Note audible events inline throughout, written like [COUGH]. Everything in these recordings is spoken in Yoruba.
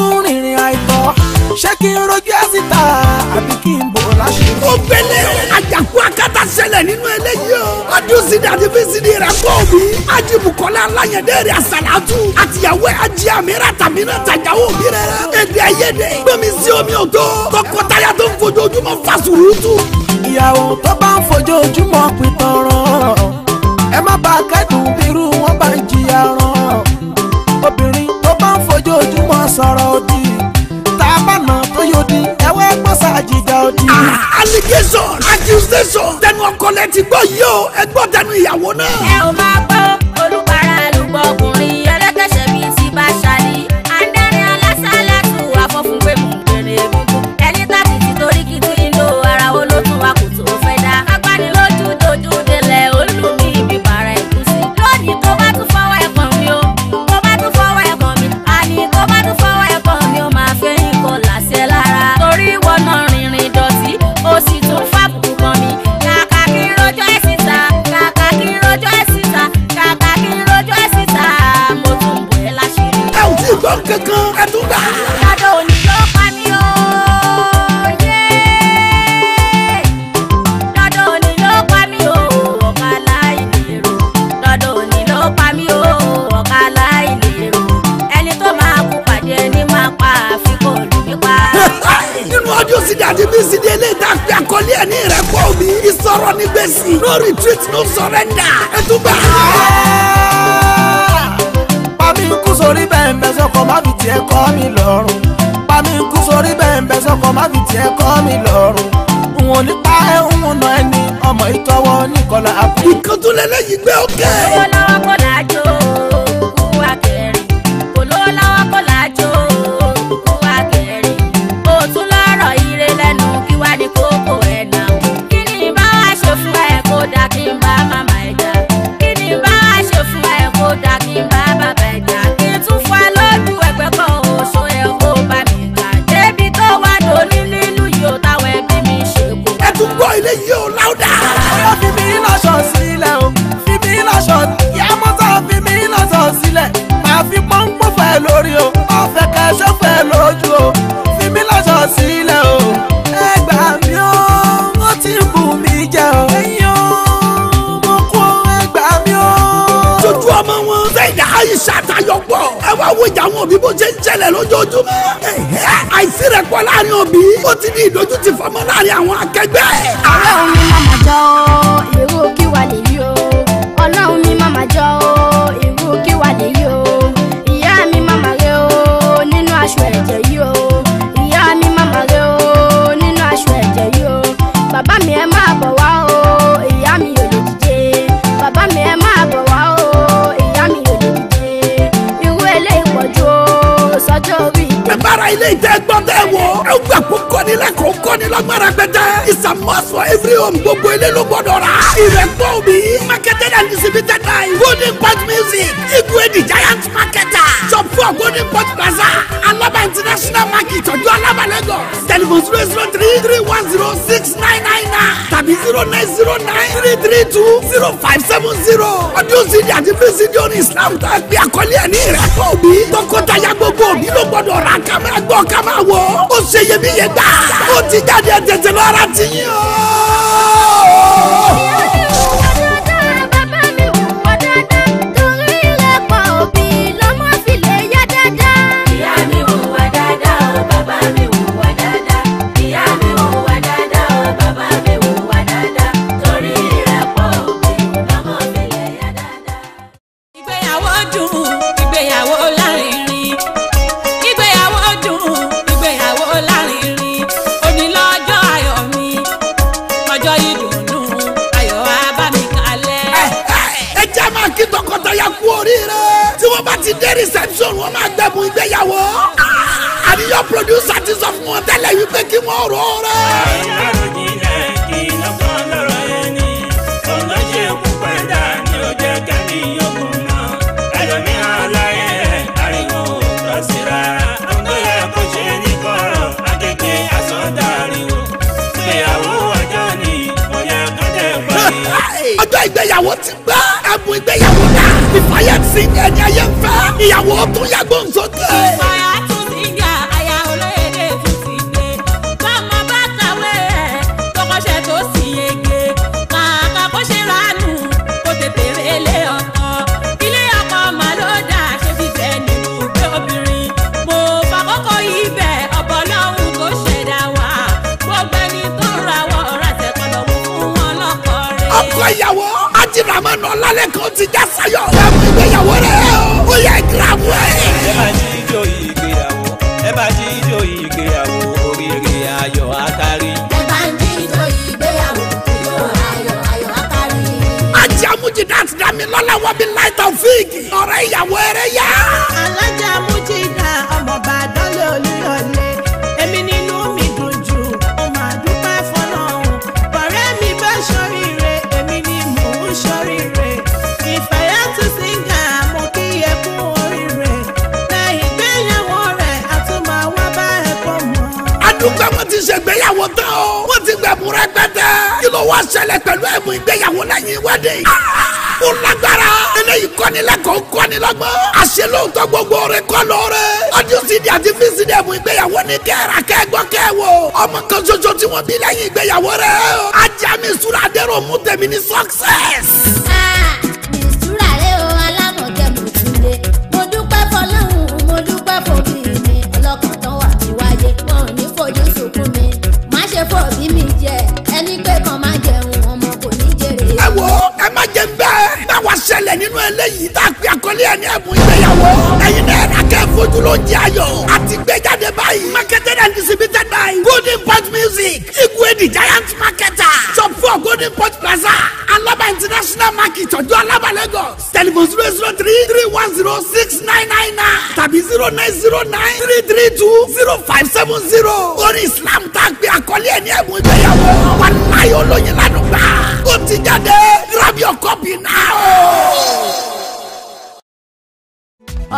tún rìnrìn àìtọ́ ṣé kí n rojú ẹ̀ síta àbí kí n bò láṣìírí. ó gbélé àjàkú akátá ṣẹlẹ̀ nínú eléyìí o. ọdún sídìí àti fíṣídìí rẹ̀ pọ̀ òbí. ajibukọ́lá aláyẹ̀dẹ́ rẹ̀ àṣàlátù àtìyàwó ajé àmìrà tàbí náà tàjà òbí rẹ̀ rẹ̀. èdè àìyedè gbẹ̀mí sí omi ọ̀tọ̀ tọkọtaya tó ń fojoojúmọ́ fasurutu. ìyàwó tó bá ń fojoojúmọ́ pin tọrọ ẹ má bàa kẹ́dùn congregation accusation tẹnu ọkọ lẹ ti gbọ́ yìí o ẹ gbọ́ tẹnu ìyàwó náà. ẹ ò máa gbọ́. abcd àti bcd eléyìí tá a fi àkọlé ẹ̀ ní ìrẹ́pọ̀ mi ìsọ̀rọ̀ nígbèsì no retreat no surrender ẹ tún bá a. pàmí kú sórí bẹ́ẹ̀ bẹ́ẹ̀ sọ́kọ̀ má fi tiẹ̀ kọ́ mi lọ́rùn pàmí kú sórí bẹ́ẹ̀ bẹ́ẹ̀ sọ́kọ̀ má fi tiẹ̀ kọ́ mi lọ́rùn òun ò ní pa ẹ̀ òun nà ẹni ọmọ ìtọ́wọ́ nìkọlá àpò. lẹ́yìn gbé ọ̀gẹ́. owó lọ́wọ́ kọ́ làájá. wíjà àwọn òbí bó ṣe ń ṣẹlẹ̀ lójoojúmọ́. àìsí rẹ̀ pọ̀ láàrin òbí ó ti ní ìdójútì fọmọ láàrin àwọn akẹgbẹ́. ọ̀rẹ́ òun ni màmá jọ ìró kí wà lè eléyìí tẹ́ gbọ́ tẹ́ wò ẹ gbà kó kọ́ni lẹ́kọ̀ọ́ kọ́ni lágbára gbẹdẹ ìsàmọ́sọ every home gbogbo ilé ló gbọ́dọ̀ rà ìrẹ́pọ̀ mi market and distributed by golden pot music igwe the giant marketer shop for golden pot plaza alaba international market ọjọ́ alaba lagos telephone zero zero three three one zero six nine nine nine tàbí zero nine zero nine three three two zero five seven zero ọdún sídìí àti free sídìí orin islam tó ẹgbẹ́ àkọlé ẹ̀ ní ìrẹ́pọ̀ òbí tọkọtaya gbogbo òbí ló gbọdọ̀ ra ká máa gbọ́ ká máa wọ̀ ó ṣe iyebíye gbà ó ti jáde ẹ̀ tètè lọ́ra tiyín o. oríire tí wọ́n bá ti dé reception wọ́n máa gbẹ̀bùn ìgbéyàwó àníyàn ah! producer ti sọ fún wọn tẹ́lẹ̀ wípé kí wọ́n rọ̀ ọ́ rẹ̀. ìgbéyàwó ti gbá ẹ̀bùn ìgbéyàwó náà ìfàyẹ̀sí ẹni ayé ń fẹ́ ìyàwó tún yàgbọ́n sókè. ìfàyà fayọ. Láàmú ìgbéyàwó rẹ̀ ó yẹ gíráàmù ẹ̀. Ẹ máa jí ijó ìgbéyàwó, ẹ máa jí ijó ìgbéyàwó, oríire ayọ̀ àtàrí. Ẹ máa jí ijó ìgbéyàwó, ijó ayọ̀ ayọ̀ àtàrí. Ajé amújì dáàtì dá mi lọ́lá wọ́n mi láì tàn fíìgì. Ọ̀rẹ́ ìyàwó ẹrẹ́ yá. Alájà mú. wá ṣẹlẹ̀ pẹ̀lú ẹ̀mú ìgbéyàwó lẹ́yìn wedding. ó lágbára. eléyìí kọ́ni lẹ́kọ̀ọ́ kọ́ni lọ́gbọ́n. àṣẹ lóòótọ́ gbogbo rẹ̀ kọ́ lóore. ọdún sídi àti fíìsìdì ẹ̀mú ìgbéyàwó ni kẹ́ra kẹ́gbọ́ kẹ́wò. ọmọ kan ṣoṣo tí wọ́n bí lẹ́yìn ìgbéyàwó rẹ̀. ajá mi sùràdérò mú tèmi ní success. wòlíì ẹni ẹ̀bùn ìgbéyàwó ẹ̀yin náà ẹ̀dàkẹ́ fojú ló ń jẹ ayọ̀ àti gbéjáde báyìí. marketed and distributed by golden Port music igwe the giant marketer shop for golden Port plaza alaba international market ọjọ́ alaba lagos telephone zero zero three three one zero six nine nine nine tàbí zero nine zero nine three three two zero five seven zero orí islam tá a gbé àkọlé ẹni ẹ̀bùn ìgbéyàwó wà láyé olóyin lánàá gbà ó ti jáde grab your copy now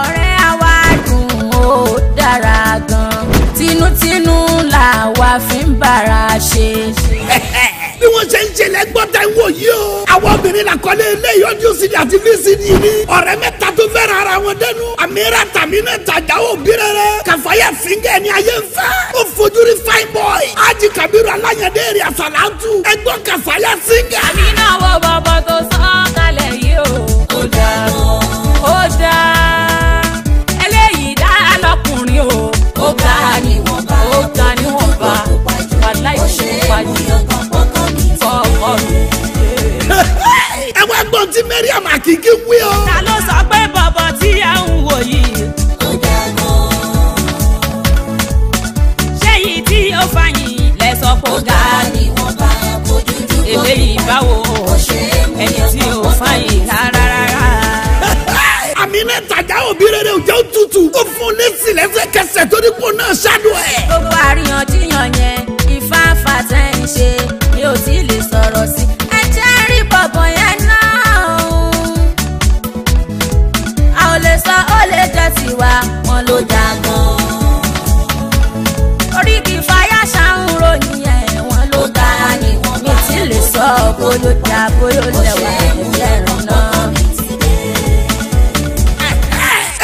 ọ̀rẹ́ àwa dùn ó dára gan tinútinú làwa fi ń bára ṣe. bí wọ́n ṣe ń ṣẹlẹ̀ gbọ́dọ̀ ń wò yìí o. àwọn obìnrin làkọ́lé ilé ìyọjú sídi àti vcd ni. ọ̀rẹ́ mẹ́ta tó fẹ́ràn ara wọn dẹnu. àmìíra tàbí náà tàjà ò bí rere. kàfáyà síngẹ̀ ni ayé ń fẹ́. ó fojú fine boy. ájì kàbírù aláyẹ̀dẹ́ èrè àsàlátù. ẹgbọ́n kàfáyà síngẹ̀. àmì náà wọ bọ́bọ́ tó sọ ọ́ kalẹ̀ yìí o. ó dáa ó dáa. gbọ́n tí Mariam Akiki wí o. ta ló sọ pé bọ̀bọ̀ tí a ń wò yìí. ó dàgbọ́. ṣé yìí tí ó fàyìn lẹ sọ pé ó ga. ó dà ní wọ́n bá bójú tó bí. èlé yìí báwo ẹni tí ó fàyìn rárá rárá. [LAUGHS] àmì náà òbí rere ò jẹ́ ó fún un lẹ́sì lẹ́sẹ̀kẹsẹ̀ torí kò náà ṣáájú ẹ̀. gbogbo àríyànjiyàn yẹn ìfáfá tẹ́ ń ṣe. bóyó dá bóyó lẹ́wà ẹ̀rọ náà.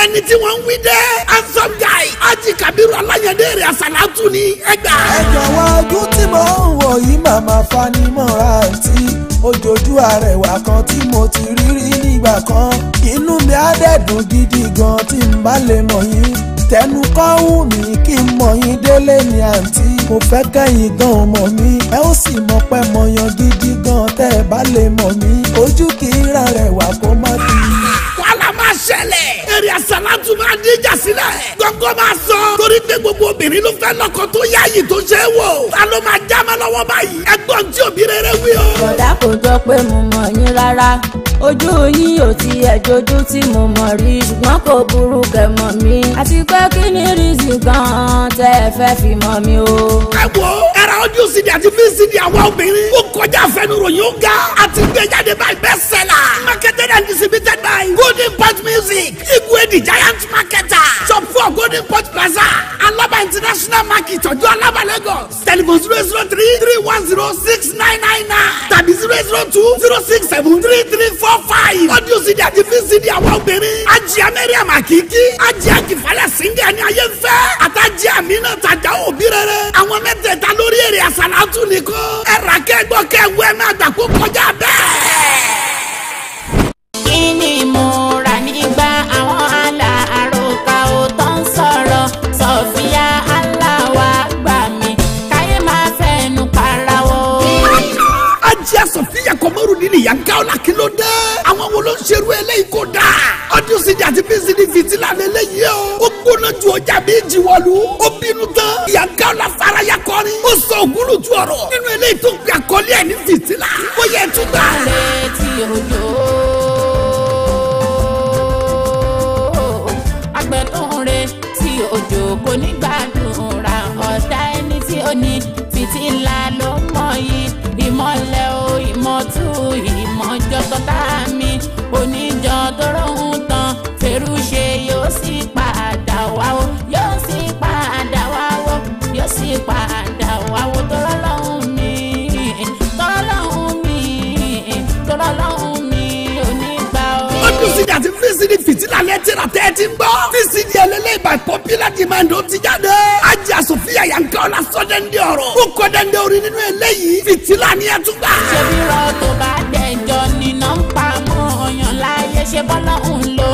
ẹni tí wọ́n ń wí dẹ́ handsome guy aji kabiru alayande rẹ̀ asalatu ni ẹgbà. ẹ jọ̀wọ́ ojú tí mo ń wò yìí màmá fanimọ́ra sí ojoojú arẹwà kan tí mo ti rí rí nígbà kan inú mi á dẹ̀ dùn gidi gan tí n bá lè mọ̀ yín tẹnu kọ́ wù mí kí n mọ̀ yín délé ni àǹtí mo fẹ́ kẹ́yìn gan mọ̀ mí ẹ ó sì mọ̀ pé mọ̀ gidi gan tẹ́ ẹ bá lè mọ̀ mí ojú kì í ra rẹ̀ wà kó má bí. wàhálà máa ṣẹlẹ̀ bẹ̀rẹ̀ àsálàtù máa ní ìjà sílẹ̀. gbọ́ngàn máa sọ. torí pé gbogbo obìnrin ló fẹ́ lọ́kọ tó yáàyè tó ṣe é wò. ta ló máa já mọ́ lọ́wọ́ báyìí. ẹgbọ́n tí òbí rere wí o. bọ̀dá kò jọ pé mo mọ̀ yín rárá ojú yín ò ti ẹ̀jọ̀jú tí mo mọ̀ rí ṣùgbọ́n kò burú kẹ̀ mọ̀ mi àti pé kí ni rízì gan-an tẹ́ ẹ fẹ́ fi mọ̀ mi o. ẹ wo ẹ̀rọ ojú sídìí àti fi sídìí àwọn obìnrin ó kọjá àfẹnuròyìn ó ga àti gbé báyìí best seller marketed and distributed by golden part music wéèdì giant marketer shop four golden port plaza alaba international market ọjọ́ alaba lagos telephone zero zero three three one zero six nine nine nine tàbí zero zero two zero six seven three three four five audio cd àti vcd àwọn obìnrin ajé mẹ́rìàmà kìkì ajé àkìfàlẹ̀ síngẹ̀ ní ayé ń fẹ́ àtàjẹ́ àmínà tàjà òbí rere àwọn mẹ́tẹ̀ẹ̀ta lórí èrè àsàlátù nìkan ẹ̀rà kẹ́gbọ́ kẹ́wọ́ ẹ̀ máa kọjá bẹ́ẹ̀. kí ni mo. jiwọlu ó bínú tán ìyàgá la fara ya kọrin ó sọ ògúnlùtù ọ̀rọ̀ nínú eléyìí tó gbé àkọlé ẹ̀ ní fìtílà ó yẹ túgbà. alẹ́ tí o lálẹ́ tìrà tẹ́ ẹ gbọ́. tí ẹlẹ́lẹ́ by popular demand ó ti jáde. ajé àsòfin àyànká ọ̀la sọ́dẹ́ndé ọ̀rọ̀. ó kọ́ dẹ́ndé orin nínú eléyìí. fìtílà ni ẹ tún gbà. ṣèbí rọ tó bá dẹjọ́ ni nọ́ńpà mọ́ ọ̀yàn láyé ṣe bọ́lá òun lò.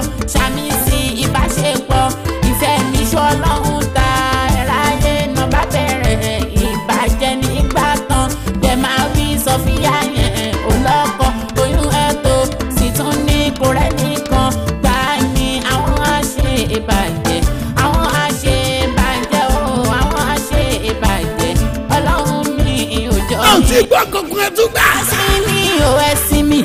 ti gbọ́ kankan tún gbà. ẹ̀sìn mi ò ẹ̀sìn mi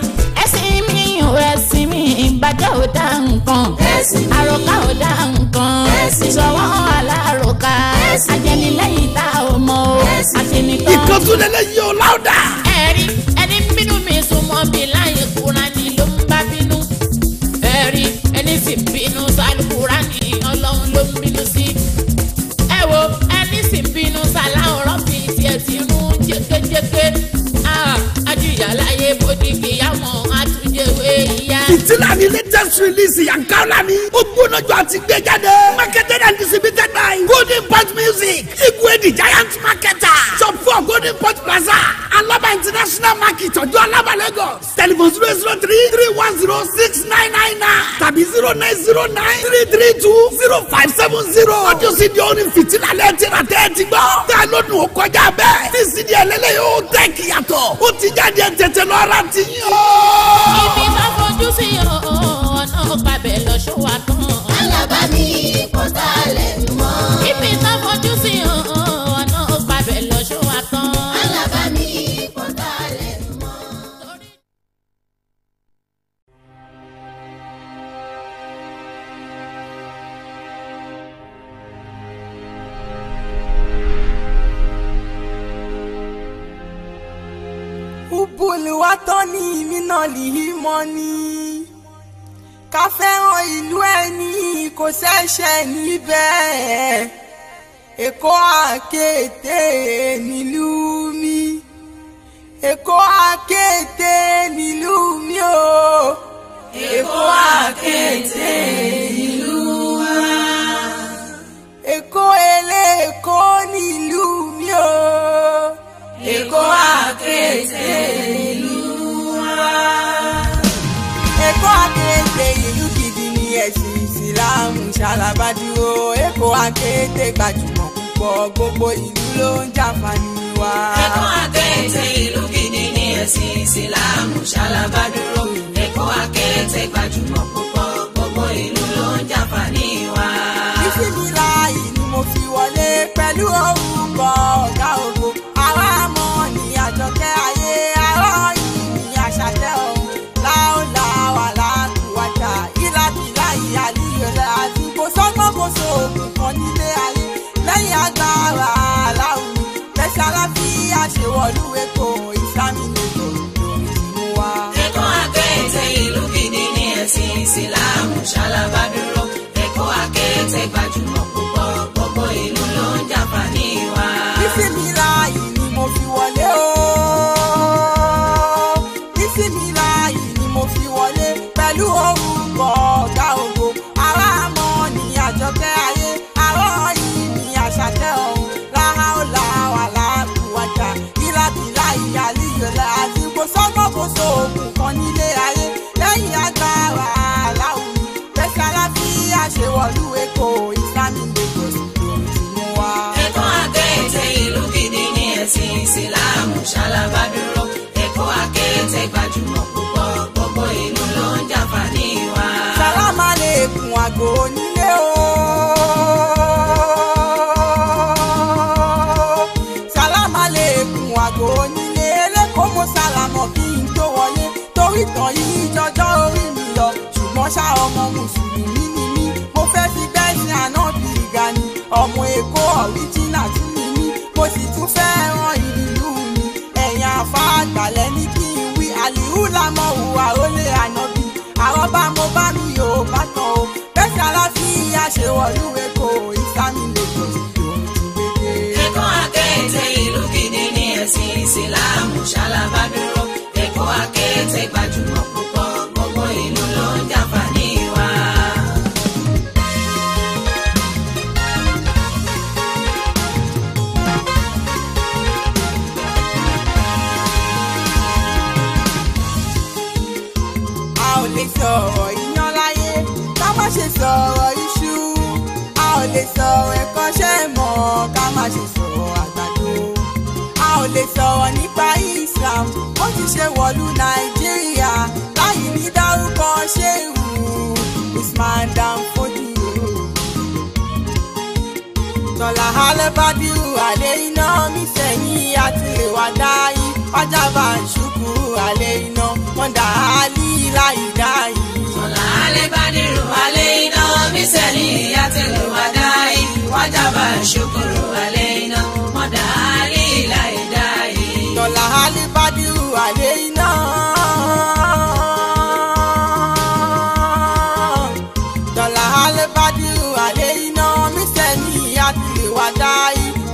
ẹ̀sìn mi ò ẹ̀sìn mi ìbàjẹ́ ò dá nǹkan àròkà ò dá nǹkan ìṣọwọ́ aláròkà ajẹnilẹ́yìn tá a mọ̀ o àṣẹ nìkan. ìkọ́túnlẹ́lẹ́yìn láwùdà. pé ah, ajíyà láyé bójú kìyàmọ́ àtúnjẹwé ìyá. ìtìlá ni latest release Yankaolani ó gbóná jọ àti gbé jáde. marketed and distributed five golden pot music Igwe the giant marketer shop four golden pot plaza alaba international market ọjọ́ alaba lagos telephone zero zero three three one zero six nine nine nine tàbí zero nine zero nine three three two zero five seven zero ọjọ́ sí di orin fìtílà lẹ́tìrà tẹ́ ẹ ti gbọ́ tá a lọ́dún ó kọjá bẹ́ẹ̀ tí cd ẹlẹ́lẹ́yìn ó tẹ̀ kíyàtọ̀ ó ti jáde tètè lọ́ra ti yàn. ibi bá fojú sí ọ̀nà ọ̀bàbẹ̀ lọ́ṣọ́ wa tán. alábàámi kò sálẹ̀. wàtọ́ni mínàlì mọ́ ni ká fẹ́ràn ìlú ẹni kò ṣẹ̀ṣẹ̀ níbẹ̀ èkó àkété nílùú mi èkó àkété nílùú mi o èkó àkété nílùú wa èkó eléèkó. ṣàlàbádìwò èkó akéde gbajúmọ̀ púpọ̀ gbogbo ìlú ló ń jàǹfààní wa. èkó akéde ìlú gidi ní ẹ̀sìn ìsìláàmù ṣàlàbádúró èkó akéde gbajúmọ̀ púpọ̀ gbogbo ìlú ló ń jàǹfààní wa. bísí mi mo fi wọlé pẹ̀lú orúkọ ọ̀gá òkè. wọ̀lú èkó ìsámìlódò lórí mú wa. ẹ̀kọ́ mọ hùwà ó lé ànábì àwọn bá mo bá mi ò bá tán o bẹ́sẹ̀ aláfíà ṣe wọ̀lú èkó ìsámi lèkó ìdòwú gbégbé. ẹ̀kọ́ akẹ́tẹ̀ ìlú gidi ni ẹ̀sìn ìsìláàmù ṣálábà dúró ẹ̀kọ́ akẹ́tẹ̀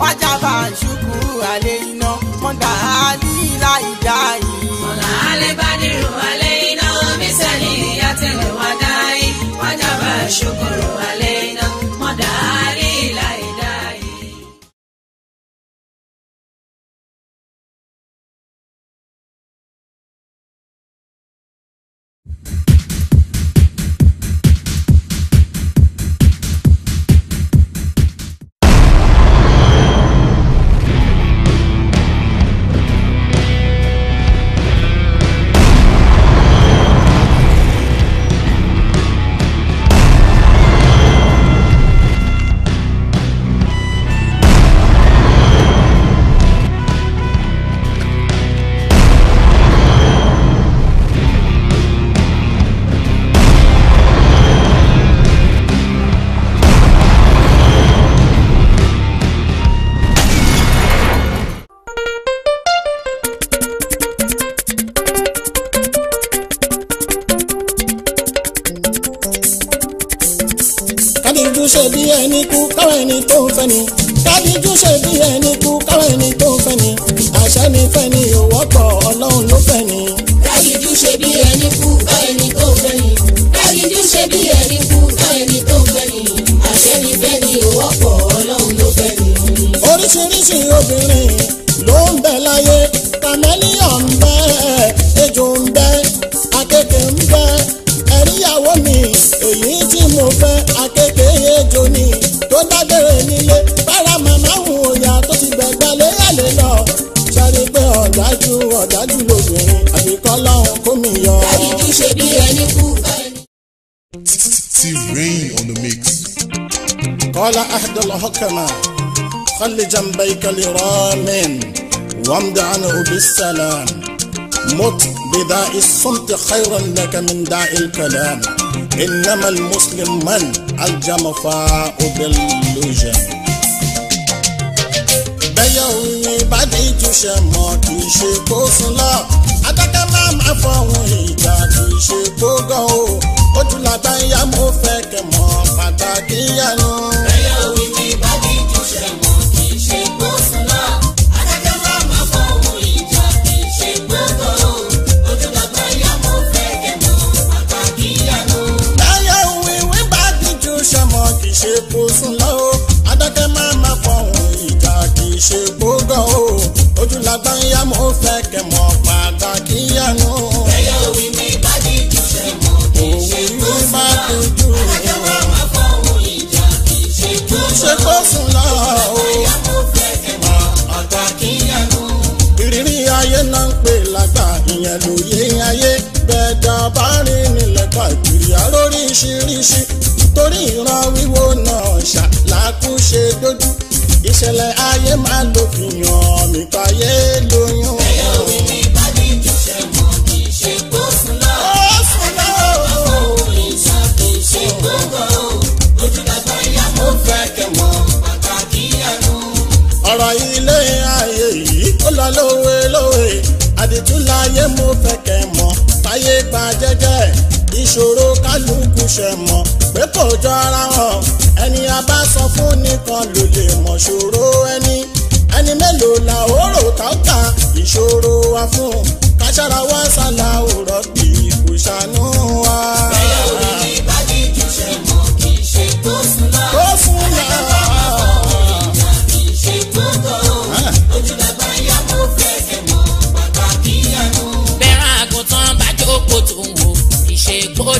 fàjàbà ṣùkú alẹ́ iná mọ̀dà àlìlà ìdá yìí. mọ̀lá alẹ́ bá nírú alẹ́ iná mísẹ́lì ìyá tẹ̀lé wá dáì fàjàbà ṣùkú alẹ́ iná. قال أحد الحكماء خل جنبيك لرام وامد عنه بالسلام مت بداء الصمت خيرا لك من داء الكلام إنما المسلم من الجمع فاء باللجام bẹ́yọ̀wò ni ìbàdí ìtúnṣe mọ̀ kì í ṣe kó fún lọ. adákẹ́ máa fọ̀hún ìjà kì ṣe kó gan o. ojú làgbà ń yá mo fẹ́ kẹ̀ mọ́ pàtàkì yanu. ẹyà òwe ni bàbí jù ṣẹ̀ mọ́ kì í ṣe gbósùn náà adájọ́ náà máa fọ ohun ìjà mo fẹ́ kẹ̀ mọ́ pàtàkì yanu. ẹyà òwe ìwé bàbí jù ṣẹ̀ mo ṣí torí ìran wíwo náà ṣàlàkúṣe dójú ìṣẹ̀lẹ̀ ayé máa lò fi hàn mí fàyè lóyún. ẹyọ mi ní bàbí ìjọsẹ̀ mọ̀ kì í ṣe kó fún lọ. ó fún lọ. ọkọ̀ òun ìṣà kì í ṣe gbogbo ojú dàgbà ìyá mo fẹ́ kẹ̀mọ́ pàtàkì ẹnu. ọ̀rọ̀ ilé ayé yìí ó lọ lówe lówe àdìtúláyé mo fẹ́ kẹ̀mọ́ fàyè gbà jẹ́jẹ́ ìṣòro kálukú ṣe mọ̀ pé kò jọra wọn ẹni a bá sọ fún nìkan ló lè mọ̀ ṣòro ẹni ẹni mélòó la ó rò ká gbà ìṣòro wa fún káṣára wá sálà òrọ̀ bí kò ṣàánú wa. bẹ́ẹ̀ orí ni bá jíjù ṣe mọ̀ kì í ṣe tó sùn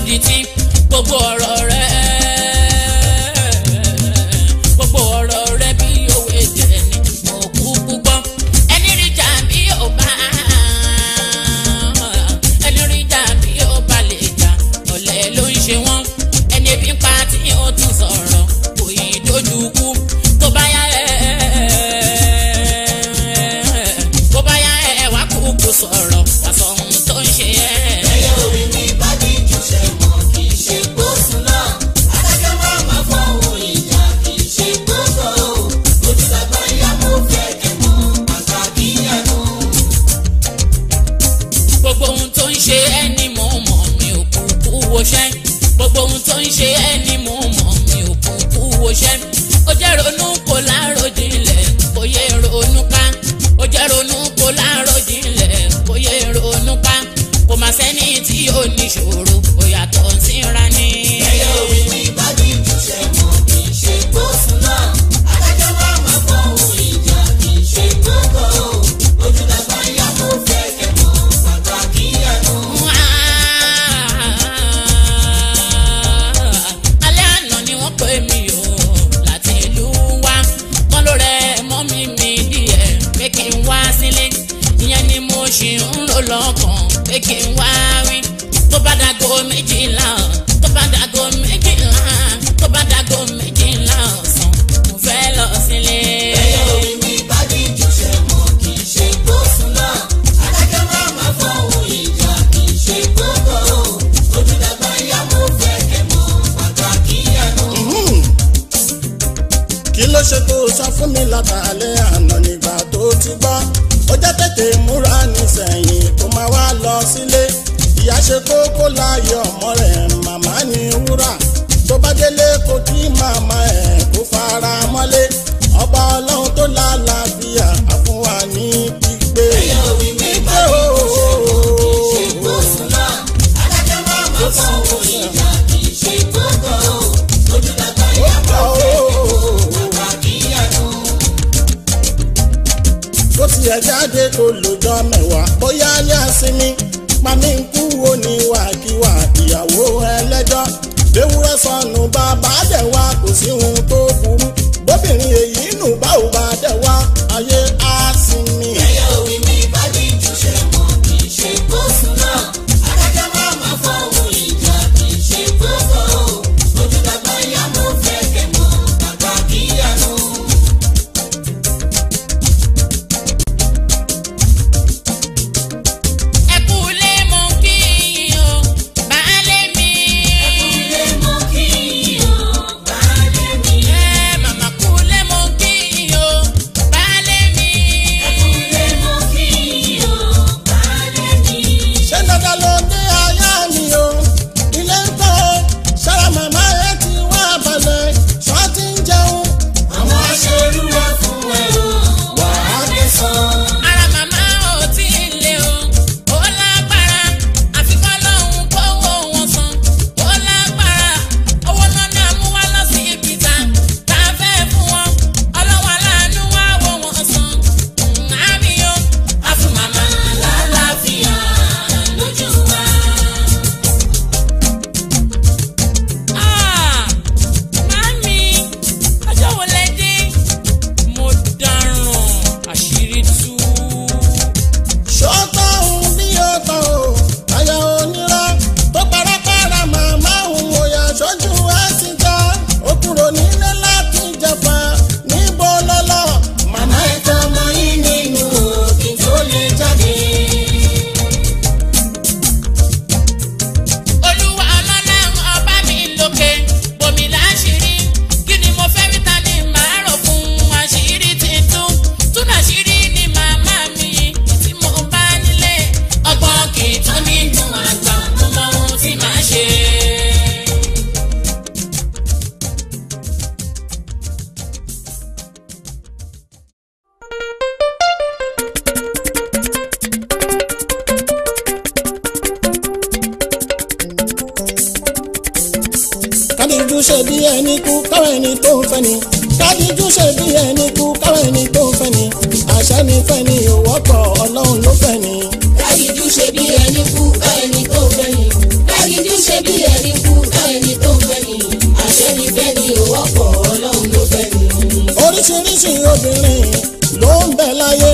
gidi gbogbo ọ̀rọ̀ rẹ̀. kábíjú ṣe bí ẹni kú káwọn ẹni tó ń fẹ́ ni kábíjú ṣe bí ẹni kú káwọn ẹni tó ń fẹ́ ni àṣẹ mi fẹ́ ni ò wọ́pọ̀ ọlọ́run ló fẹ́ ni. kábíjú ṣe bí ẹni kú káwọn ẹni tó ń fẹ́ ni kábíjú ṣe bí ẹni kú káwọn ẹni tó fẹ́ ni àṣẹ mi fẹ́ ni ò wọ́pọ̀ ọlọ́run ló fẹ́ ni. oríṣiríṣi obìnrin ló ń bẹ láyé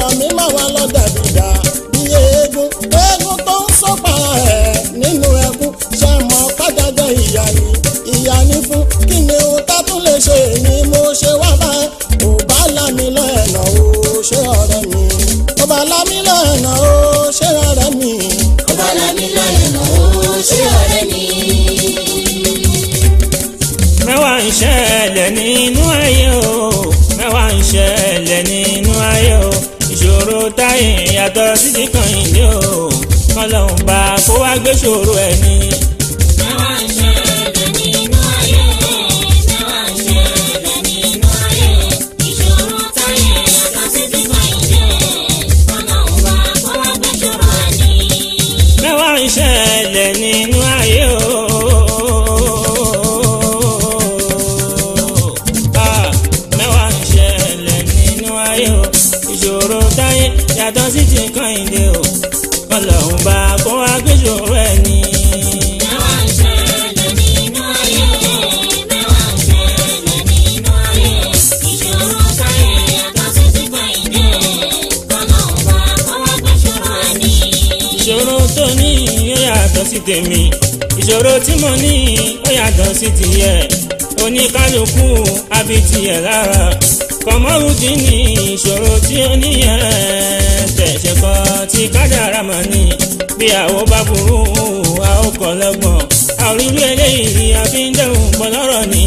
ìyàtọ̀ títí kan ìdí o kọ́lọ́hún bá kó wá gbé ṣòro ẹni. fi tiẹ̀ lára kọmọrùdì ní ìṣòro tí ó níyẹn tẹ̀sẹ̀ kọ́ ti kádàrá mà ní bí àwọ̀ bá burú àwọ̀ kọ̀ lọ́gbọ̀n àrùlú eléyìí àfi ń dẹ̀rùn gbọ́lọ́rọ̀ ni.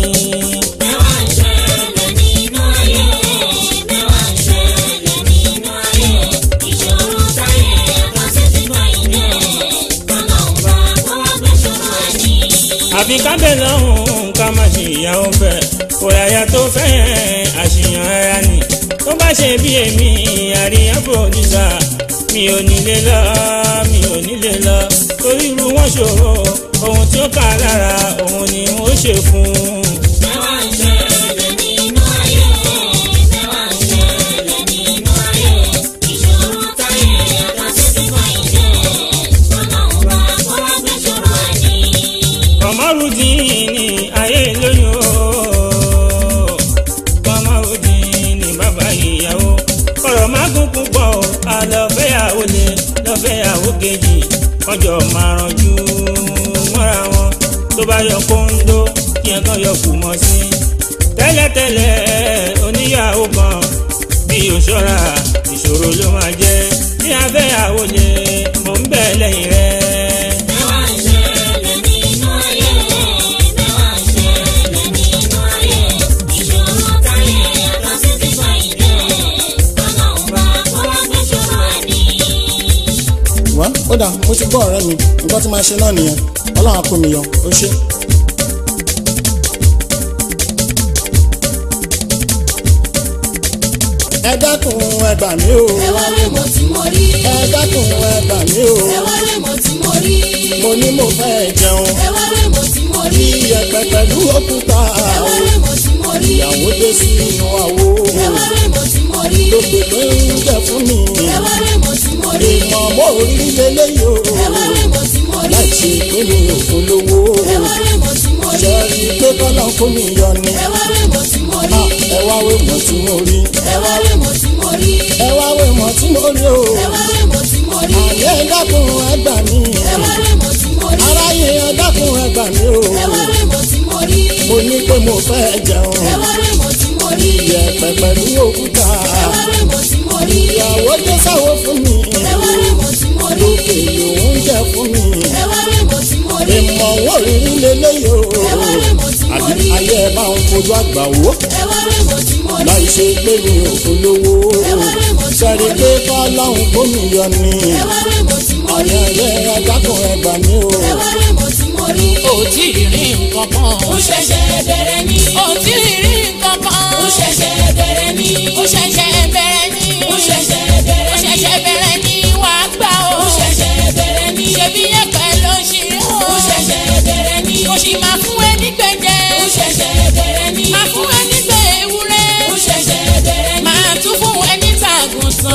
àfi kábẹ̀ lọ́hùn-ún ká má ṣe ìyàwó fẹ́ aya tó fẹ́ àṣìyàn ara ni tó bá ṣe bí èmi àríyàn pòdùsà mi ò nílé lọ mi ò nílé lọ torí irú wọn ṣòro ohun tí ó kà lára òun ni wọn ó ṣe fún un. kọjọ máa ranjú mọ́ra wọn tó bá yọ kóńdó kí ẹ kàn yọ kù mọ́ sí. tẹ́lẹ̀tẹ́lẹ̀ oníyàwó kan bí o ìṣòro ló máa jẹ́ ní abẹ́ àwòlé mò ń bẹ̀ lẹ́yìn. kódà mo ti gbọ́ ọ̀rẹ́ mi nǹkan tí máa ṣe náà nìyẹn ọlọ́run á kó yọ ó ṣe. ẹ dákun ẹ gbà o. ẹ wá rẹ̀ mọ̀ tí mo rí. ẹ dákun ẹ gbà o. ẹ wá rẹ̀ mọ̀ tí mo rí. mo ní mo fẹ́ jẹun. ẹ wá rẹ̀ mọ̀ tí mo rí. iyẹ̀pẹ̀ pẹ̀lú òkúta. ẹ wá rẹ̀ mọ̀ tí mo rí. ìyàwó dé sí inú àwo. ẹ wá rẹ̀ mọ̀ tí mo rí. lókè pé ń jẹ fún mi. ẹ wá rẹ̀ mọ̀ tí rí. ọmọ òrírí lélẹ́yìn o. ẹ wá rẹ̀ mọ̀ tí mo rí. láti ìpínlẹ̀ òkú lówó. ẹ wá rẹ̀ mọ̀ tí mo rí. ṣe ike kọ́lọ̀ fún mi yọ ni. ẹ wá rẹ̀ mọ̀ tí mo rí. ẹ wá rẹ̀ mọ̀ tí mo rí. ẹ wá rẹ̀ mọ̀ tí mo rí. ẹ wá rẹ̀ mọ̀ tí mo rí o. ẹ wá rẹ̀ mọ̀ tí mo rí. àyè ẹ̀dákun ẹgbà mi. ẹ wá rẹ̀ mọ̀ tí mo rí. aráyé ẹ̀dákun ẹgbà mi mo rí. ìyàwó jẹ́ sáwó fún mi. ẹwà rẹ̀ mo sì mo rí. òkèlè oúnjẹ fún mi. ẹwà rẹ̀ mo sì mo rí. ìmọ̀ owó rírí lélẹ́yìí o. ẹwà rẹ̀ mo sì mo rí. àbí ayé ẹ máa ń fojú àgbà wò. ẹwà rẹ̀ mo sì mo láì ṣe pé mi ò polówó. ẹwà rẹ̀ mo sì mo rí. pé fáláhùn kó mi yọ ni. ẹwà rẹ̀ mo sì mo rí. àyẹ̀lẹ̀ adákan o. ẹwà rẹ̀ mo sì mo rí. ò tí ì nǹkan kan. ó ṣẹ̀ṣẹ̀ bẹ̀rẹ̀ ni. O ti ì rí nǹkan kan. ó ṣẹ̀ṣẹ̀ bẹ̀rẹ̀ ni. ó ṣẹ̀ṣẹ̀ bẹ̀rẹ̀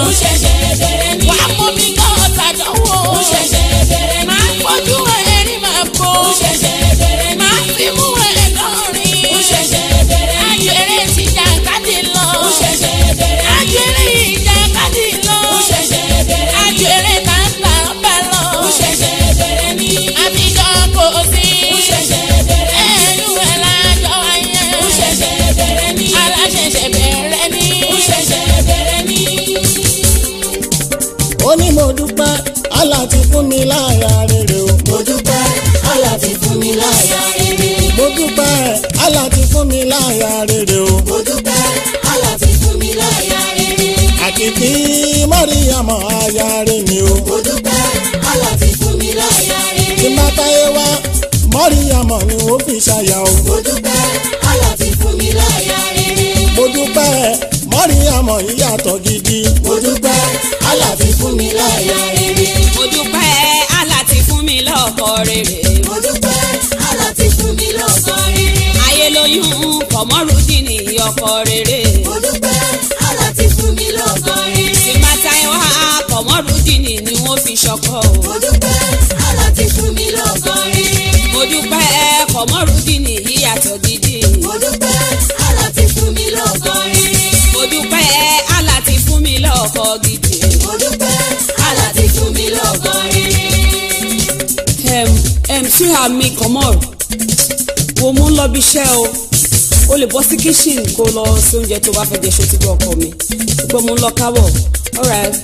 O GG mi rere o. mo dúpẹ́ Allah ti fún mi láyà rere. mo dúpẹ́ Allah ti fún mi láyà rere o. mo dúpẹ́ Allah ti fún mi láyà rere. àti bí Mariam aya rere ni o. mo dúpẹ́ Allah ti fún mi láyà rere. tí táyé wá Mariam ni ó fi ṣàyà o. mo dúpẹ́ Allah ti fún mi láyà rere. mo dúpẹ́ Mariam ìyàtọ̀ gidi. mo dúpẹ́ Allah ti fún mi láyà rere rere. mo dúpẹ́ àlọ́ ti fún mi lọ́kọ rere. ayé lóyún kọ̀mọ́rùdì ní ọkọ rere. mo dúpẹ́ àlọ́ ti fún mi lọ́kọ rere. sìmátà ẹ̀ wá kọ̀mọ́rùdì ní ni wọ́n fi ṣọkọ o. mo dúpẹ́ àlọ́ ti fún mi lọ́kọ rere. mo dúpẹ́ kọ̀mọ́rùdì ní yíyàtọ̀ gidi. mo dúpẹ́ àlọ́ ti fún mi lọ́kọ rere. mo dúpẹ́ àlọ́ ti fún mi lọ́kọ gidi. síra mi kọ̀mọ́ wo mú lọ bí iṣẹ́ o o lè bọ́ sí kíṣìn kó lọ sí oúnjẹ tó bá fẹ́ jẹ ṣó ti gbọ́ ọkọ mi pé mo ń lọ kábọ̀ alright.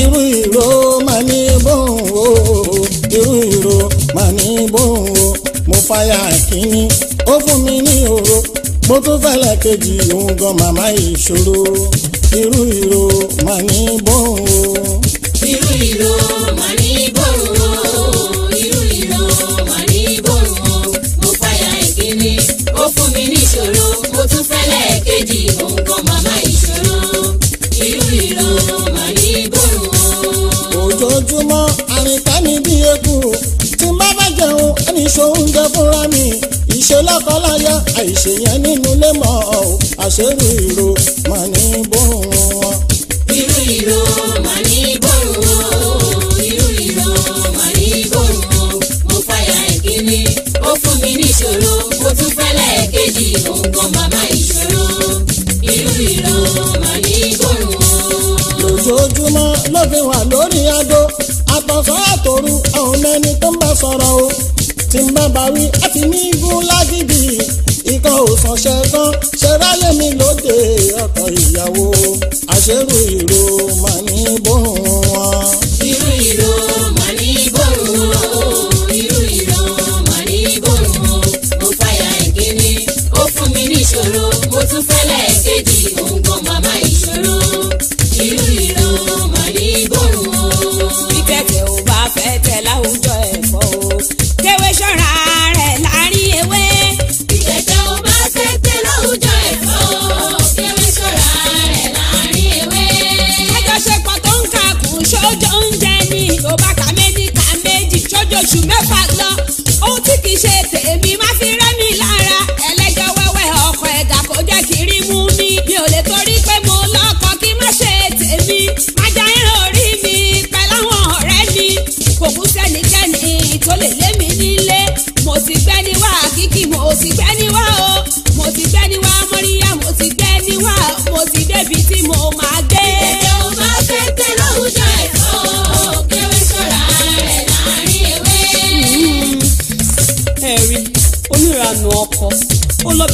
irú ìró mà ní bóun o irú ìró mà ní bóun o mo fàyà kínní ó fún mi ní òró mo tún fẹ́lẹ̀ kejì òun gan màmá ìṣòro irú ìró mà ní bóun o irú ìró mà ní bòrò irú ìró mà ní bòrò mo fàyà ìkíní ó fún mi níṣòro mo tún fẹ́lẹ̀ kejì òun kan màmá ìṣòro irú ìró mà ní bòrò. ojoojúmọ́ mi bí egun tí n bá bá jẹun ẹni ṣoúnjẹ fúnra mi ìṣe lọ́kọ́láyà wọn. irú ìró. ìṣòro ó tún fẹ́lẹ̀ kejì òǹkàn bàbá ìṣòro lójoojúmọ́ ló wà lórí aago àtọ̀sọ́ àtòru àwọn mẹ́ni tó ń bá sọ̀rọ̀ o tí ń bá bá wí àti ní igun lágídí ikọ̀ òsàn ṣẹ̀kan ṣẹ̀rá lèmi lóde ọkọ̀ ìyàwó àṣẹrù ìró mà ní bòòrò.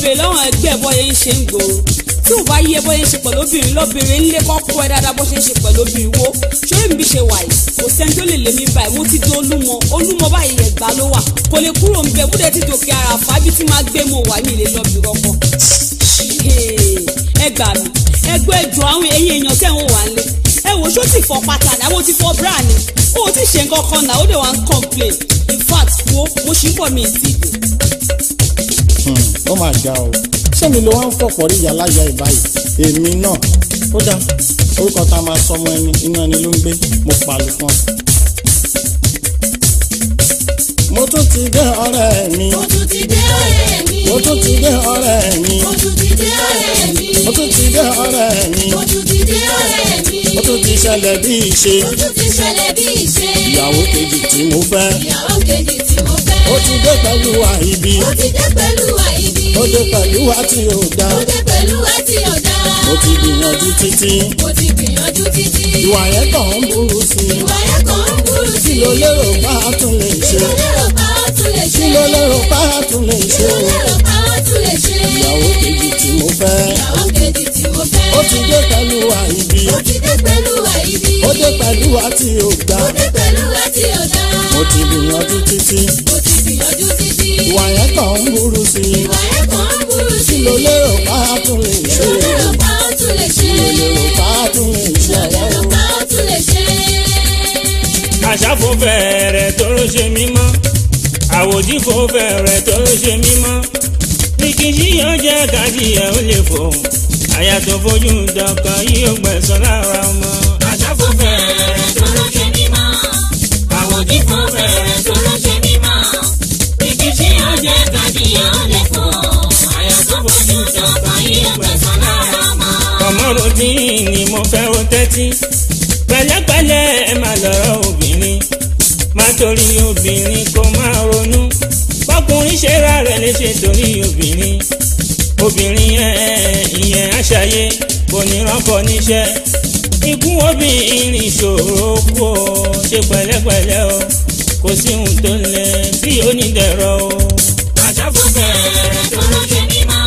bèbè lọ́wọ́n ẹgbẹ́ bọ́yẹ ń ṣe ń gò ó tí ò bá yẹ bọ́yẹ ń ṣe pẹ̀lú obìnrin lóbìnrin ńlé kọ́ kó ẹ dáadáa bó ṣe ń ṣe pẹ̀lú obìnrin wo ṣóyè mi bí ṣe wà yìí kò sẹ́ni tó lè lè mi báyìí mo ti di olúmọ olúmọ báyìí ẹ̀gbá ló wà kò lè kúrò ń bẹ múdẹ ti tòkè ara fàábí tí máa gbé mo wà ní ilé lọ́bì rọ́kọ. ẹ gbà mí ẹgbẹ́ ẹjọ́ àwọn eyín èèyàn tẹ̀wọ̀n wà ń lé ẹ wò ṣó ti fọ pátá náà mo ti fọ bra ni ó ti ṣe nǹkan kan náà ó dẹ̀ wá ń complain in fact wo mo ṣì ń bọ̀ mí ìsídìí Hmm, ó mà ga o ṣé mi ló wá ń fọ̀pọ̀ rí ìyá láyà ìbáyìí èmi náà ó dá orúkọ tá a máa sọmọ ẹni iná ẹni ló ń gbé mo pàlù fún ọ. mo tún ti dé ọ̀rẹ́ mi. mo tún ti dé ọ̀rẹ́ mi mo tún ti dé ọ̀rẹ́ mi. mo tún ti dé ọ̀rẹ́ mi. mo tún ti dé ọ̀rẹ́ mi. mo tún ti dé ọ̀rẹ́ mi. mo tún ti ṣẹlẹ̀ bí ìṣe. mo tún ti ṣẹlẹ̀ bí ìṣe. ìyàwó kejì tí mo fẹ́. ìyàwó kejì tí mo fẹ́. ó ti dé pẹ̀lú wa ibi. ó ti dé pẹ̀lú wa ibi. ó dé pẹ̀lú wa tí ò dá. ó dé pẹ̀lú wa tí ò dá. mo ti gbìyànjú títí. mo ti gbìyànjú títí. ìwà yẹn kàn ń burú sí i. ìwà yẹn kàn ń burú sí i. kí ló lérò pa á tún lè ṣe. kí ló lérò pa á tún ṣe. kí mo lérò pa á tún lè ṣe. kí pa á tún lè ṣe. ìyàwó kejì tí mo fẹ́. ìyàwó kejì tí mo fẹ́. ó ti dé pẹ̀lú àìbí. ó ti dé pẹ̀lú àìbí. ó dé pẹ̀lú àti òdà. ó dé pẹ̀lú àti òdà. mo ti gbìyànjú títí. mo ti ń burú sí i. pa á ṣe. kí mo lérò pa á tún lè ṣe. kí mo lérò pa á tún lè ṣe. kí mo lérò pa á tún lè ṣe. àṣàfò fẹ̀rẹ̀ tó ló ṣe mímọ́ àwòdìfò bẹ̀rẹ̀ tó ṣe mímọ́ ní kí yíyan jẹ́ kájíyà ó lè fò àyà tó fojú dọ̀kọ̀ yìí ó gbẹ̀sán lára ọmọ. àṣàfò bẹ̀rẹ̀ tó ló ṣe mímọ́ àwòdìfò bẹ̀rẹ̀ tó ló ṣe mímọ́ ní kí yíyan jẹ́ kájíyà ó lè fò àyà tó fojú dọ̀kọ̀ yìí ó gbẹ̀sán lára ọmọ. ọmọrùn ni mo fẹ́ o tẹ́tí pẹ̀lẹ́pẹ̀lẹ́ ẹ máa lọ́rọ̀ obìnrin torí obìnrin kó máa ronú bọ́kùnrin ṣe ra rẹ̀ léṣe torí obìnrin obìnrin ìyẹn àṣàyè kò ní rọ́pò níṣẹ́ ikú obìnrin ìṣòro kú o ṣe pẹ̀lẹ́pẹ̀lẹ́ o kò sí ohun tó lẹ tí onídẹ̀rọ o. àṣàfù bẹ̀rẹ̀ tó ló ṣe mímọ́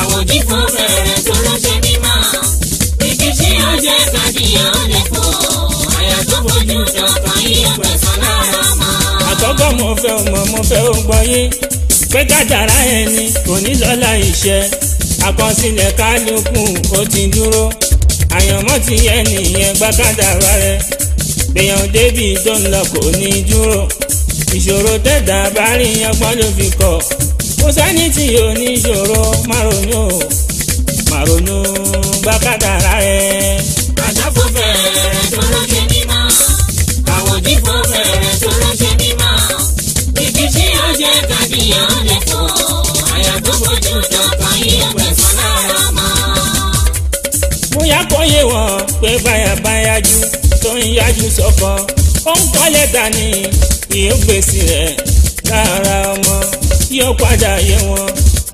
àwòdì fún bẹ̀rẹ̀ tó ló ṣe mímọ́ ìkíṣí ọjà tàbí ọ̀lẹ́fọ̀ àyà tó fojú dọ̀kọ̀ bọ́ mọ fẹ́ mọ mọ fẹ́ ó gbọ́ yín pé kádàrá ẹni kò ní lọ́la ìṣe àkọsílẹ̀ kálukú ó ti dúró àyànmọ́ ti yẹ nìyẹn gbá kádàrá rẹ gbìyànjú débi tó ń lọ kò ní dúró ìṣòro tẹ̀dá bá rí ọgbọ́n ló fi kọ̀ kò sẹ́ni tí yóò ní ìṣòro má ronú má ronú rẹ. àṣà fò fẹ́rẹ̀ tó lókè mímọ́ àwòdì fò fẹ́rẹ̀ tó lókè ṣe tàbí ọ̀lẹ́ fún àyà tó fojú dọ̀tà yìí pẹ̀sán lára mọ́. bóyá kò yé wọ pé báyàbáyà ju tó ń yájú sọkọ ó ń kọ́lé dání ìyó gbèsè rẹ̀ lára ọmọ yóò padà yé wọn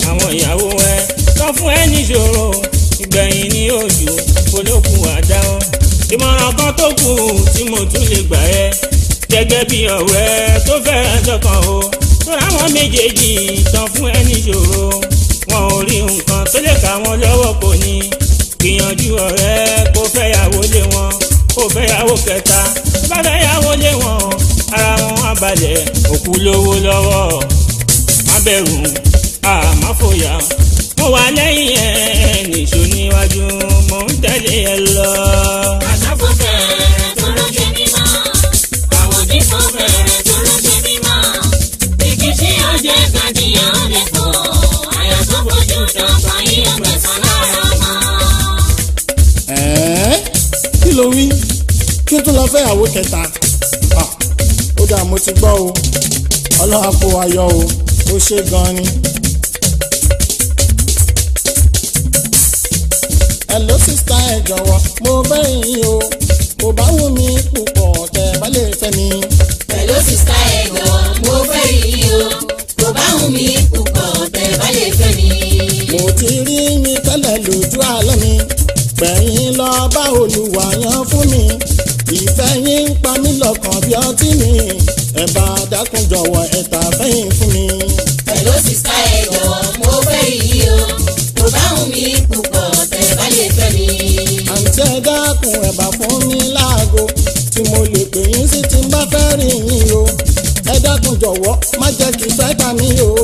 àwọn ìyàwó ẹ sọ fún ẹ níṣòro ìgbẹ̀yìn ní òjò olókùn àdáhùn ìmọ̀ràn kan tó kù tí mo tún lè gbà ẹ́ gẹ́gẹ́ bí ọ̀rẹ́ tó fẹ́ràn sọ́kàn o láwọn méjèèjì sọ fún ẹni ṣòro wọn ò rí nǹkan tó lè kà wọ́n lọ́wọ́ kò ní gbìyànjú ọ̀rẹ́ kó fẹ́yàwó lé wọn kó fẹ́yàwó kẹta bá fẹ́yàwó lé wọn ara wọn á balẹ̀ òkú lówó lọ́wọ́ má bẹ̀rù àmọ́ fòyà mo wà lẹ́yìn ẹ̀ nìṣó níwájú mò ń tẹ̀lé ẹ lọ. ló wí kí n tún lọ fẹ́ ìyàwó kẹta ó dà mo ti gbọ́ o ọlọ́wà kó wa yọ o ó ṣe gan ni. hello sista ẹ jọ̀wọ́ mo bẹ̀ yín o kò bá wù mí púpọ̀ tẹ́ bá lè fẹ́ mi. hello sista ẹ jọ̀wọ́ mo bẹ̀ yín o kò bá wù mí púpọ̀ tẹ́ bá lè fẹ́ mi. mo ti rí yín tẹ́lẹ̀ lójú àlọ́ mi gbẹ̀yìn lọ bá olùwà yan fún mi ìfẹ́ yín ń pa mí lọ́kàn bí ọtí mi ẹ bá dákun jọ̀wọ́ ẹ tà fẹ́yìn fún mi. pẹ̀lú sísá ẹ̀yọ̀ mo fẹ́ yìí o kò bá wù mí púpọ̀ tẹ̀ bá lè fẹ́ mi. àǹtí ẹ dákun ẹ bá fún mi láago tí mo lè pè yín sí tí n bá fẹ́ rìn yín o ẹ dákun jọ̀wọ́ má jẹ́ kí fẹ́ ta mí o.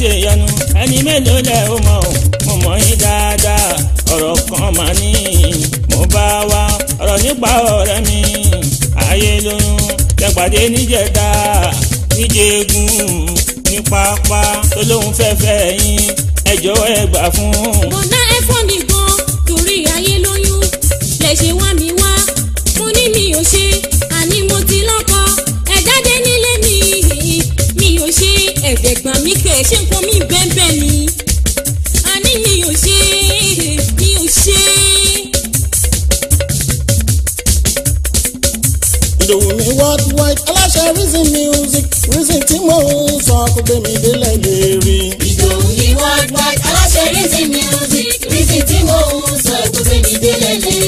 ṣe yanu ẹni mélòó lẹ̀ ó mọ̀ ọ́ mo mọ̀ yín dáadáa ọ̀rọ̀ kan mà ní mo bá wa ọ̀rọ̀ nípa ọ̀rẹ́ mi ayé lóyún tẹ̀pàdé níjẹ̀dá níjẹ̀gùn ní pápá tó lóun fẹ́fẹ́ yín ẹjọ́ ẹ gbà fún. bọ̀dá ẹ fọ́ mi gan torí ayé lóyún lè ṣe wá mi. ẹ gbà mí kẹ̀ ṣé nǹkan mi bẹ́ẹ̀ ni àní mi ò ṣe mi ò ṣe. ìdòwú mi wọ́ọ̀dù aláṣẹ reason music reason tí mo ń sọ kó gbé mi délẹ̀ lè rí. ìdòwú mi wọ́ọ̀dù wáìtì aláṣẹ reason music reason tí mo ń sọ kó gbé mi délẹ̀ lè rí.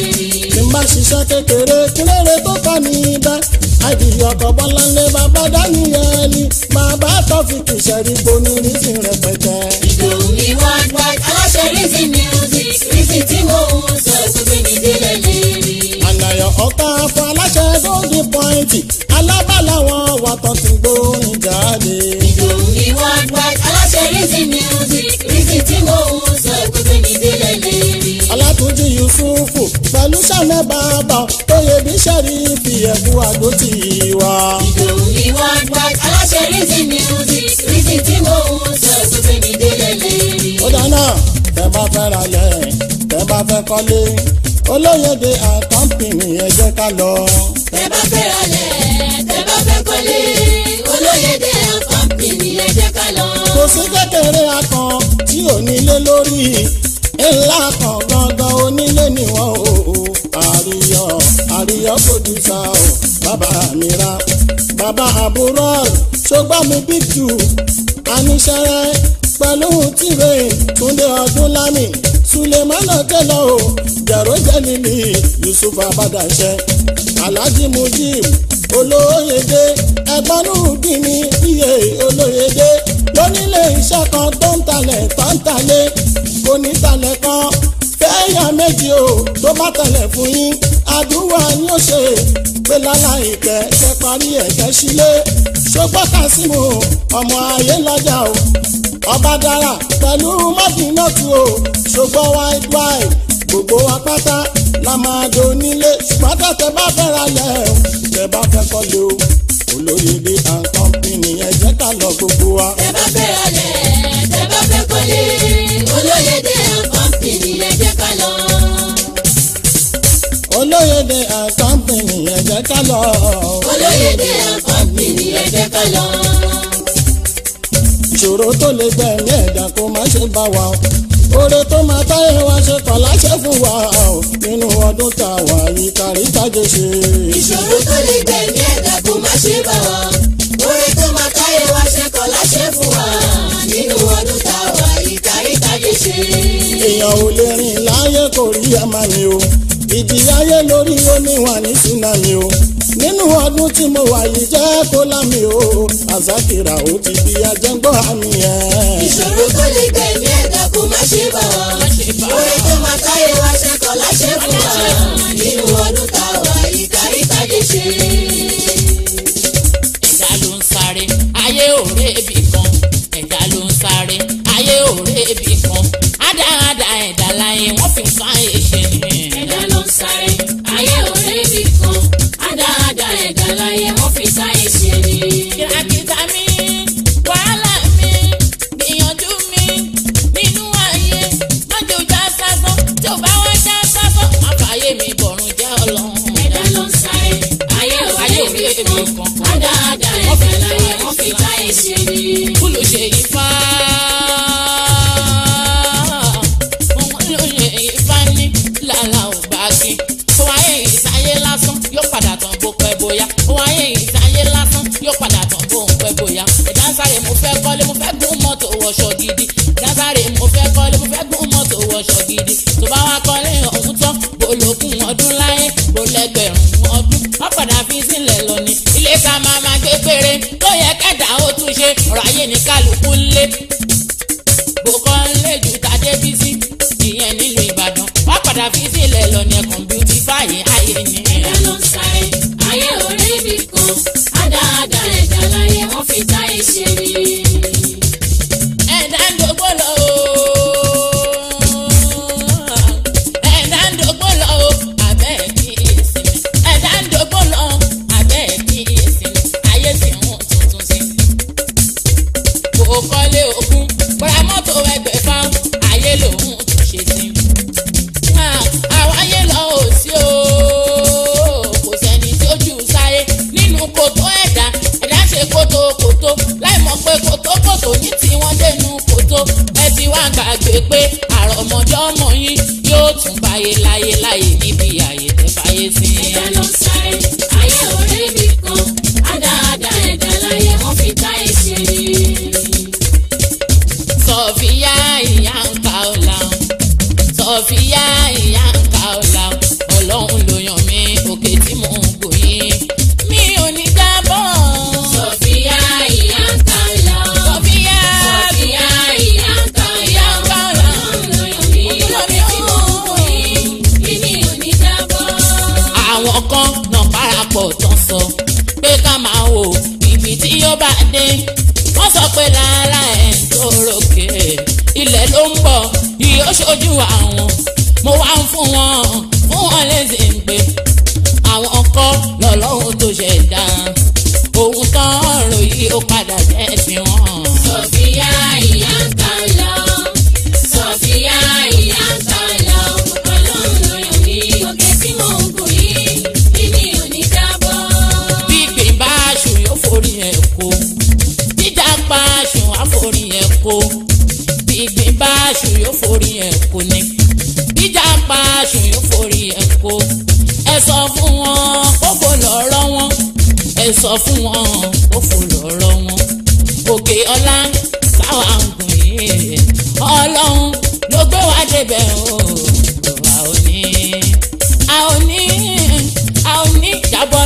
mi máa ṣiṣẹ́ kékeré kílére tó bá mi dá àdìyí ọkọ̀ bọ́lá ń lé bàbá dání bàbá tó ṣẹ́rí gbóní nísìn rẹpẹtẹ. ìdòwú mi wọ́n gbà aláṣẹ rísì music rísì tí mo ń sọ ìsọgbẹ́ mi délé lérí. àlàyé ọ̀ka fún aláṣẹ gómìnì pọ́ìntì alábàlá wọn wà tán ti gbórin jáde. ìdòwú mi wọ́n gbà aláṣẹ rísì music rísì tí mo ń sọ ìsọgbẹ́ mi délé lérí. alátúnjì yusufu pẹ̀lú sàmẹ́ bàbá tó yẹ ṣẹ́rí fi ẹ̀kú àgbo tì í wá. ìdòwú ni wọ́n gbà aláṣẹ rísì music rísì tí mo ń sọ ẹ̀sùn pé mi délé lè rí. ó dáná tẹ bá fẹ́ ra lẹ̀ tẹ bá fẹ́ kọ́lé olóyèdè àkọ́ǹpìnì ẹ jẹ́ ká lọ. tẹ bá fẹ́ ra lẹ̀ tẹ bá fẹ́ kọ́lé olóyèdè àkọ́ǹpìnì ẹ jẹ́ ká lọ. kò sí kékeré akàn tí ò nílé lórí ńlá kan gangan onílé nìwọ̀n o àríyọ àríyọ pòdùsà ọ bàbá mi ra bàbá àbúrò ṣọgbà mi big two aníṣẹ́rẹ́ pẹ̀lú tìrẹ túndé ọdún lámì sulemana tẹlẹ o jẹ̀rọ jẹ́lìlì yusuf abadàṣẹ alhaji mujib olóyèdè ẹgbẹ́rúndínní iye olóyèdè lónílé iṣẹ́ kan tó ń talẹ̀ tó ń talẹ̀ onítalẹ̀ kan èèyàn méjì o tó bá tẹ̀lẹ̀ fún yín àdúrà ni ó ṣe pé láláì kẹ́ ṣe parí ẹ̀kẹ́ sílé ṣọgbọ́n kásímù ọmọ ayé lọ́jà o ọba dára pẹ̀lú mọ́dínlọ́tù o ṣùgbọ́n white white gbogbo wa pátá la máa jọ nílé pátá tẹ bá fẹ́ ra lẹ̀ tẹ bá fẹ́ kọ́lé o olóyè dé and company ẹ jẹ́ ká lọ gbogbo wa. tẹ bá fẹ́ lẹ̀ tẹ bá fẹ́ kọ́lé olóyè dé. olóyèdè àkọ́mpìnì ẹ jẹ́ ká lọ. olóyèdè àkọ́mpìnì ẹ jẹ́ ká lọ. ìṣòro tó lè gbẹ̀mí ẹ̀dá kó má ṣe bá wa o oore tó máa táyé wa ṣe kọ̀ láṣẹ fún wa o nínú ọdún tá a wà yìí kárí tájé ṣe. ìṣòro tó lè gbẹ̀mí ẹ̀dá kó má ṣe bá wa oore tó máa táyé wa ṣe kọ̀ láṣẹ fún wa. ọdún tí mo wà yìí jẹ́ kó lámì o àzákìrà ó ti di ajẹ́ngbọ́ àmì ẹ̀. ìṣòro kò lè gbẹ̀mí ẹ̀dá kó má ṣe bọ̀ kó bí ìgbín bá aṣù yóò forí ẹ̀ kó ni bíjà ń pa aṣù yóò forí ẹ̀ kó ẹ sọ fún wọn kókò lọ́rọ̀ wọn ẹ sọ fún wọn kókò lọ́rọ̀ wọn òkè ọlá sáwà ń yìí ọlọ́run ló gbé wá débẹ̀ o a ò ní a ò ní a ò ní jábọ́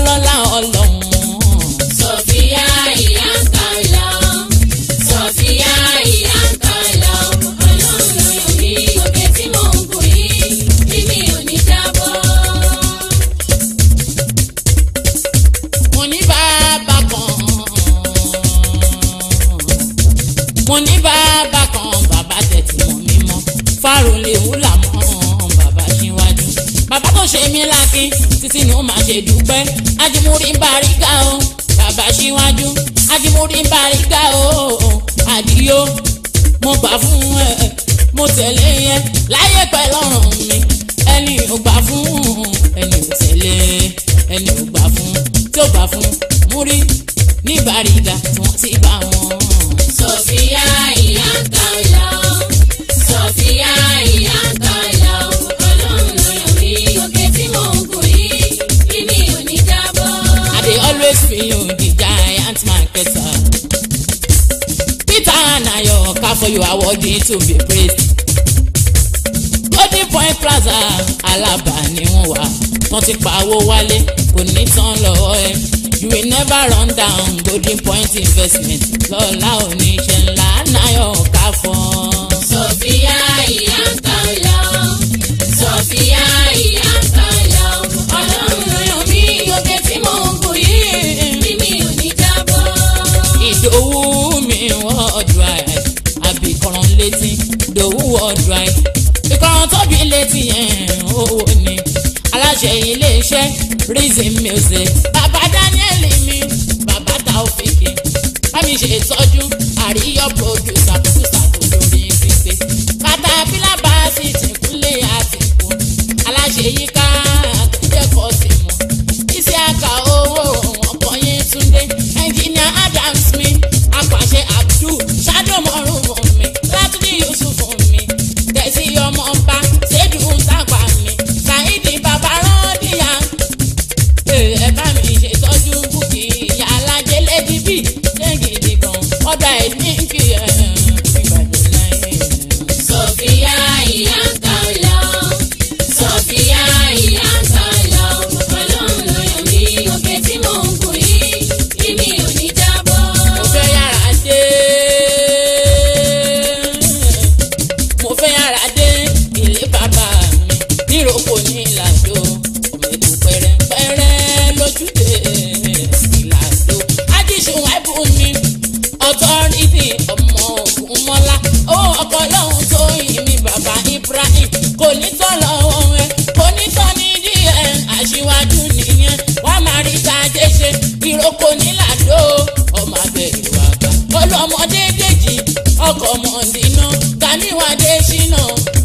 mi lákin títí nù má ṣe dúpẹ́ ajimuri ń barí ga o bàbá síwájú ajimuri ń barí ga o àdìyó mo gbà fún ẹ mo tẹ̀lé yẹn láyé pẹ̀lú ọ̀ràn mi ẹni ò gbà fún ẹni ò tẹ̀lé ẹni ò gbà fún tí ò gbà fún múrí ní Bariga tí wọ́n ti bá wọn. Sofia ìyá ń kàn lọ. for you are worthy to be praised. Golden Point Plaza Alaba ni wọ́n wà wọ́n ti pawó wálé kò ní tán lọ́wọ́ ẹ̀. You will never run down Golden Point Investment lọ́la oníṣẹ́ ńlá. iṣẹ́ reason music. ọkọ̀ mọ̀ọ́dínà Ganiwa Adésínà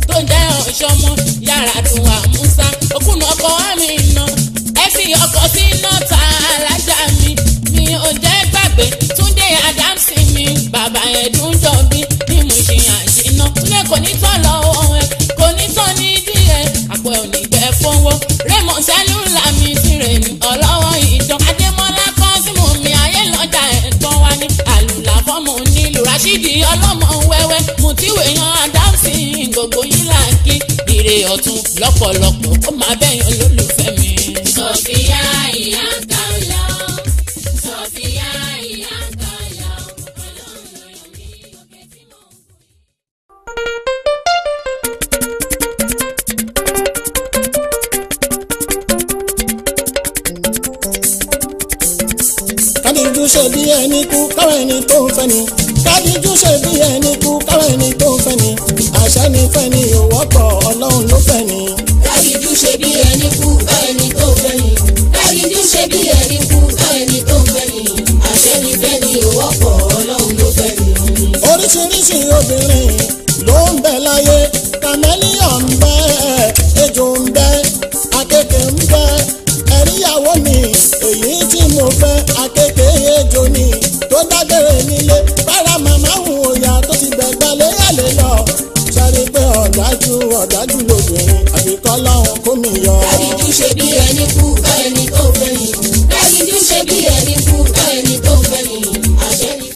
tó jẹ́ ọ̀ṣọ́mọ Yar'Adua Musa òkúnnà ọkọ̀ àmì iná ẹ̀sìn ọkọ̀ sí ọ̀tún lọ́pọ̀lọpọ̀ ó máa bẹ́yàn lólùfẹ́ mi. Sofia ìyá ń ta lọ. Sofia ìyá ń ta lọ. kádìjú ṣe bí ẹni kú káwọn ẹni tó ń fẹ́ ni kádìjú ṣe bí ẹni. ṣe obìnrin.